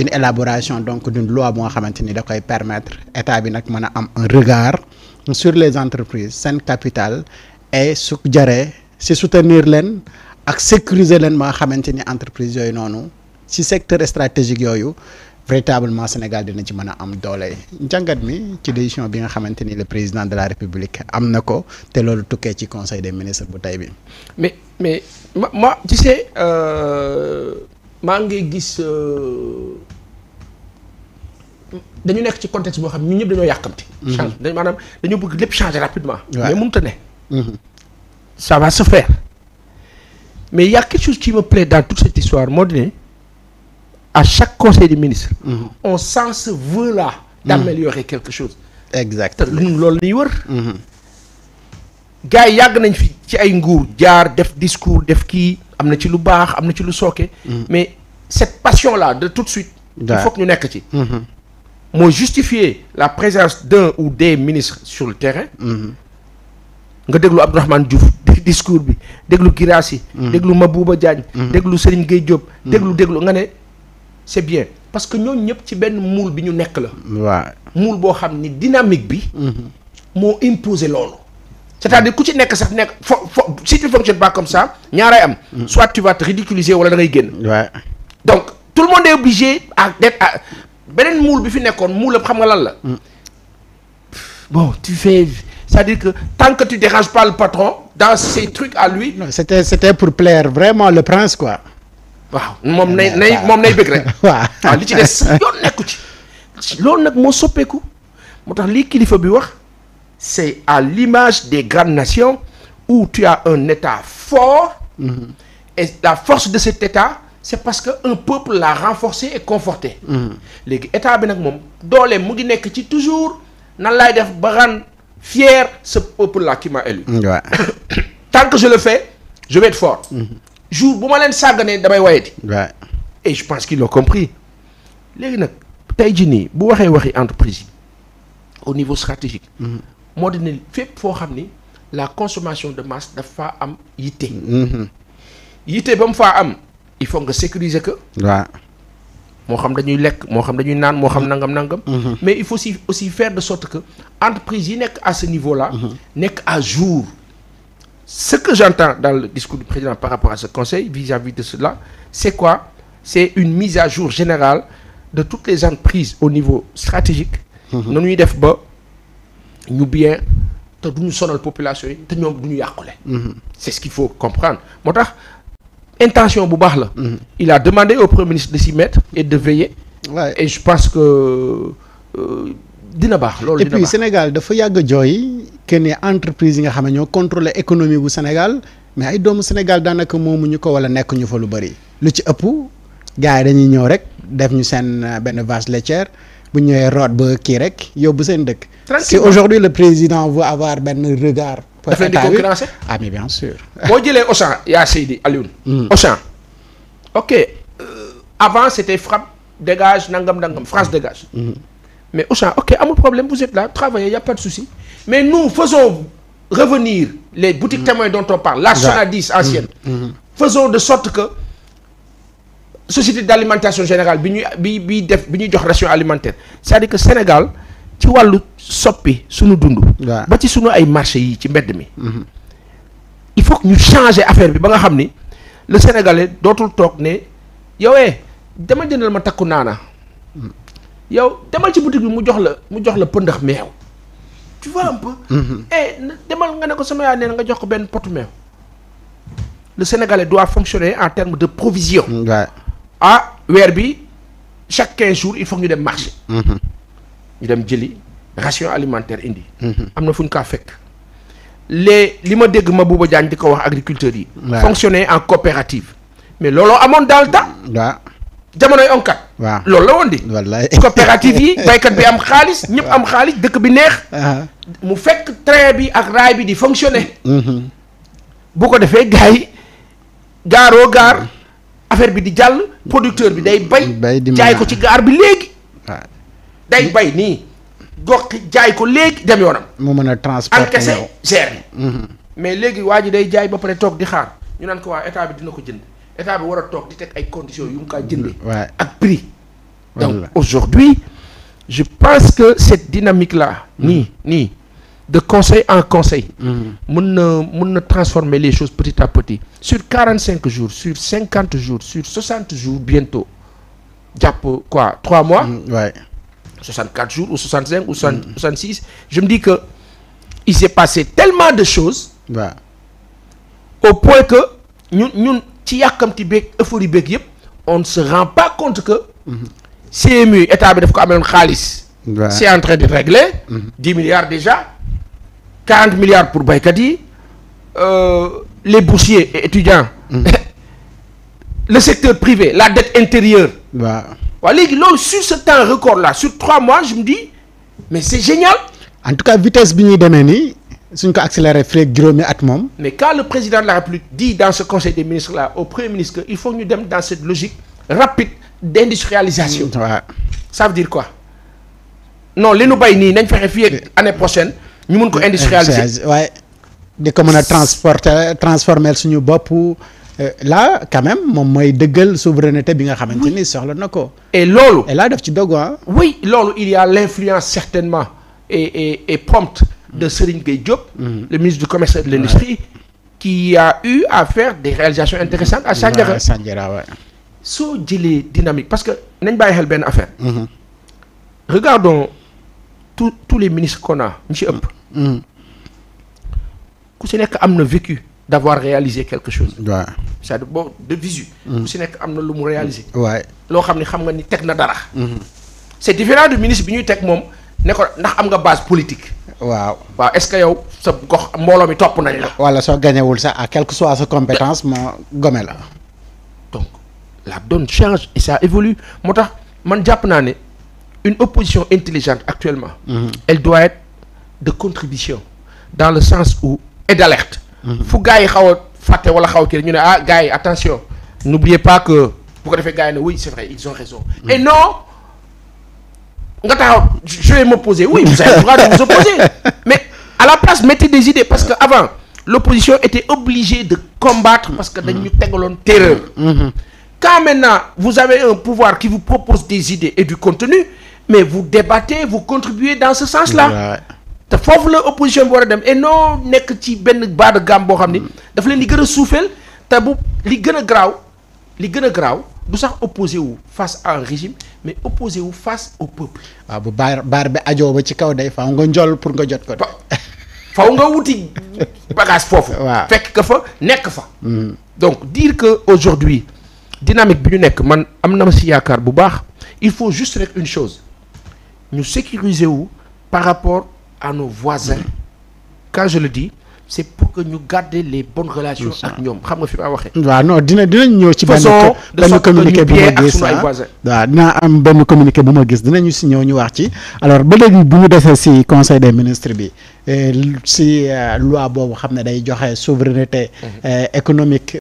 une élaboration donc d'une loi bu nga xamante da koy permettre état bi nag mën a am un regard sur les entreprises seen capital et su jaree si soutenir leen ak sécuriser leen ba nga xamante ni entreprises yooyu noonu si secteur stratégique yooyu véritablement Sénégal dina ci mën a am doole njàngat mi ci décision bi nga xamante ni le président de la République am na ko te loolu tukkee ci conseil des ministres bu tey bi. mais mais euh, maa ngi gis. Euh, dañu nekk ci ci boo xam ñun ñëpp dañoo yàkkamti. Mhm. change dañ maanaam dañoo bëgg lépp changer rapidement. mais mënut a ne. Mhm. ça va mais y' a quelque chose qui me plaît dans toute cette moo di chaque conseil des ministres. Mhm. on s'en se la là. d' améliorer quelque chose. exactement te ñun loolu la wër. gars yi yàgg nañ fi ci ay nguur jaar def discours def kii am na ci lu baax am na ci lu sooke. mais cette passion là de tout de suite. il faut ñu nekk ci. moo justifier la présence d'un ou des ministre sur le terrain nga déglu Abdourahmane Diouf discours bi déglu Girassi déglu ma Mabouba Diagne déglu Serigne Gueye Diop déglu déglu nga ne c'est bien parce que ñooñu ñëpp ci benn moule bi ñu nekk la waaw moule boo xam ni dynamique bi moo imposé loolu c'est-à-dire ku ci nekk sax nekk fo fo si tu fonctionnes pas comme ça ñaaray am soit tu vas te ridiculiser wala da ngay génn donc tout le monde est obligé à d'être beneen muul bi fi nekkoon muulab xam nga lan la. Mm. bon tu fais cest dire que tant que tu déranges pas le patron dans ses trucs à lui. c'était pour plaire vraiment le prince quoi. waaw moom nay ah, moom nay ah, li ci des yoon nekku ci. loolu nag moo soppeeku moo tax lii kilifa bi wax c'est à l'image des grandes nations où tu as un état fort. Mm-hmm. et la force de cet état. c'est parce que un peuple l'a renforcé et conforté. Hmm. léegi état bi nag moom dooleem mu ngi nekk ci toujours nan laay def ba rendre fier ce peuple là qui m'a élu. waaw je le fais je vais fort. Hmm. jour bu ma leen sàgganee damay wayati. waaw et je pense qu'ils l'ont compris. léegi nag tey jii nii bu waxee waxi entreprise yi au niveau stratégique. Hmm. moo di foo xam ni la consommation de masse dafa am yitte. yitte ba mu faa am. il faut nga sécuriser que. waaw. moo xam dañuy lekk moo xam dañuy naan moo xam nangam nangam. Mm-hmm. mais il faut aussi aussi faire de sorte que entreprise y nekk à ce niveau là. Mm-hmm. nekk à jour. ce que j'entends dans le discours du président par rapport à ce conseil vis-à-vis de cela c'est quoi c'est une mise à jour générale de toutes les entreprises au niveau stratégique mm-hmm. na ñuy def ba ñu bien te duñu sonal population yi te ñoom duñu yàqule c'est ce qu'il faut comprendre intention bu baax la. Mhm. il a demandé au premier ministre de s'y mettre et de veiller. Ouais. et je pense que euh, dina baax. loolu dina baax Sénégal dafa yàgg a jooy kenn ne entreprise yi nga xam ne ñoo contrôler économie bu Sénégal mais ay doomu Sénégal daanaka moomuñu ko wala nekk ñu fa lu bëri. lu ci ëpp gars yi dañuy ñëw rek def ñu seen euh, benn vache laitière bu ñëwee root ba kii rek yóbbu seen dëkk. si aujourd'hui le président veut avoir benn regard. daf leen di concurrencer bien sûr. boo jëlee Auchan yaa Seydi Alioune. Hmm. Auchan ok euh, avant c'était frappe dégage nangam nangam France hmm. dégage. Hmm. mais Auchan ok amul problème vous êtes là travaillez y a pas de souci mais nous faisons revenir les boutiques témoins dont on parle. la Sonadis ancienne. faisons de sorte que. société d'alimentation générale bi ñuy bi def bi ñuy jox ration alimentaire c'est-à-dire que Sénégal ci wàllu soppi suñu dund ba ci suñu ay marché yi ci mbedd mi mhm. il faut que ñu changer affaire bi ba nga xam ni le sénégalais dootul toog ne yowee eh, demal jëndal ma takku naana mhm. yow demal ci boutique bi mu jox la mu jox la pëndax meew tu vois mhm. eh, demal nga ne ko sama yaay nee nga jox ko benn potu meew le sénégalais doit fonctionner en termes de provision ah weer bi chaque quinze jours il faut ñu dem marché ñu dem jëli ration alimentaire indi. Mhm. am na fu ñu kaa fekk. les li ma dégg ma Mabouba Diagne di ko wax agriculteurs yi. waaw fonctionner en coopérative. mais looloo amoon daal le temps. waaw jamonoy onkat. waaw loolu la woon di. coopérative yi baykat bi am xaalis. ñëpp am xaalis dëkk bi neex. Uh-huh. mu fekk train bi ak raay bi di fonctionner. Mm-hmm. bu ko defee gars yi gaaroo gaar mm-hmm. affaire bi di jàll producteur bi day bay jaay ko ci gaar bi léegi day bay nii gox jaay ko léegi dem yoonam. mu mën a transporter encaissé gérer. Mhm. mais léegi waa ji day jaay ba pare toog di xaar ñu naan ko waa état bi dina ko jënd état bi war a toog di teg ay conditions yu mu kaa jëndee. ak prix. donc aujourd'hui je pense que cette dynamique la mhm. nii nii de conseil en conseil. Mhm. mën na mën na transformer les choses petit à petit sur quarante cinq jours sur cinquante jours sur soixante jours bientôt jàpp quoi trois mois. Mm, 64 jours ou 65 ou 66 mm. je me dis que il s'est passé tellement de choses ouais. au point que ñun ñun ci yàkkamti beeg euphorie beeg yëpp on ne se rend pas compte que mm-hmm. CMU état bi daf ko ameloon xaalis c'est en train de régler mm-hmm. dix milliards déjà quarante milliards pour baykat yi euh, les boursiers et étudiants mm-hmm. le secteur privé la dette intérieure waaw léegi loolu sur ce temps record là sur trois mois je me dis mais c'est génial. en tout cas vitesse bi ñuy demee nii suñ ko accéléré fii ak juróomi at mais quand le président de la République dit dans ce conseil des ministres là au premier ministre il faut ñu dem dans cette logique rapide d'industrialisation. waaw mmh, ouais. ça veut dire quoi non li nu bay nii nañ fexe fii ak mm. année prochaine ñu mun ko mm, industrialiser. waaye di ko mën a transporter transformer suñu bopp. Euh, là quand même moom mooy dëggal souveraineté bi nga xamante ni soxla na ko. et loolu. et là ci dogu ah. oui loolu il y a l'influence certainement e et et prompte de Serigne Gueye Diop. Mm-hmm. le ministre du commerce et de l'industrie qui a eu à faire des réalisations intéressantes à Sandiara Sandiara waaw. soo jëlee dynamique parce que nañ bàyyi xel benn affaire. Mm-hmm. regardons tous tous les ministres qu'on a ñu ci ëpp. Mm-hmm. nekk am na vécu d'avoir réalisé quelque chose. cest à boo de visu. Mm. ku si nekk am na lu mu réaliser. waay mm. loo xam ni xam nga ni teg na dara. Mm-hmm. c'est différent du ministre bi ñuy teg moom ne ko ndax am nga base politique. waaw waaw est-ce que yow sa gox mbooloo mi topp nañ la. wala soo gañewul sax à quelque soit sa compétence moo gome la. donc la donne change et ça évolue moo tax man jàpp naa ne une opposition intelligente actuellement. Mm-hmm. elle doit être de contribution dans le sens où et d'alerte. Mm-hmm. fu gars yi fàtte wala xaw kii ñu ne ah gars yi attention n'oubliez pas que bu ko defee gars yi ne oui c'est vrai ils ont raison. Mm. et non nga taxaw je vais m'opposer oui mais à la place mettez des idées parce que avant l'opposition était obligée de combattre parce que dañu mm. tegaloon terreur. Mm-hmm. quand maintenant vous avez un pouvoir qui vous propose des idées et du contenu mais vous débattez vous contribuez dans ce sens-là. te foofu la opposition bi war a dem et noo nekk ci benn bas de boo xam ni mm. dafa leen di gën a suufeel te bu li gën a garaaw li gën a garaaw bu sax opposé wu face à un régime mais opposé wu face au peuple. waaw ah, bu baar baar bi ajoo ba ci kaw day faaw nga njol pour nga jot ko. faw nga wuti bagage foofu. waaw fekk ka fa nekk fa. Mm. donc dire que aujourd'hui dynamique bi ñu nekk man am na ma si yaakaar bu baax il faut juste rek une chose ñu sécuriser wu par rapport. à nos voisins quand je le dis c'est pour que ñu garder les bonnes relations ak ñoom xam nga fi ma waxee. waaw non dina dinañ ñëw ci. benn benn communiqué bu ma gis ah. am benn communiqué bu ma gis dinañu si ñëw ñu wax ci. alors ba léegi bu mu defee si conseil des ministres bi eh, si euh, loi boobu xam ne day joxe souveraineté mhm. euh, économique.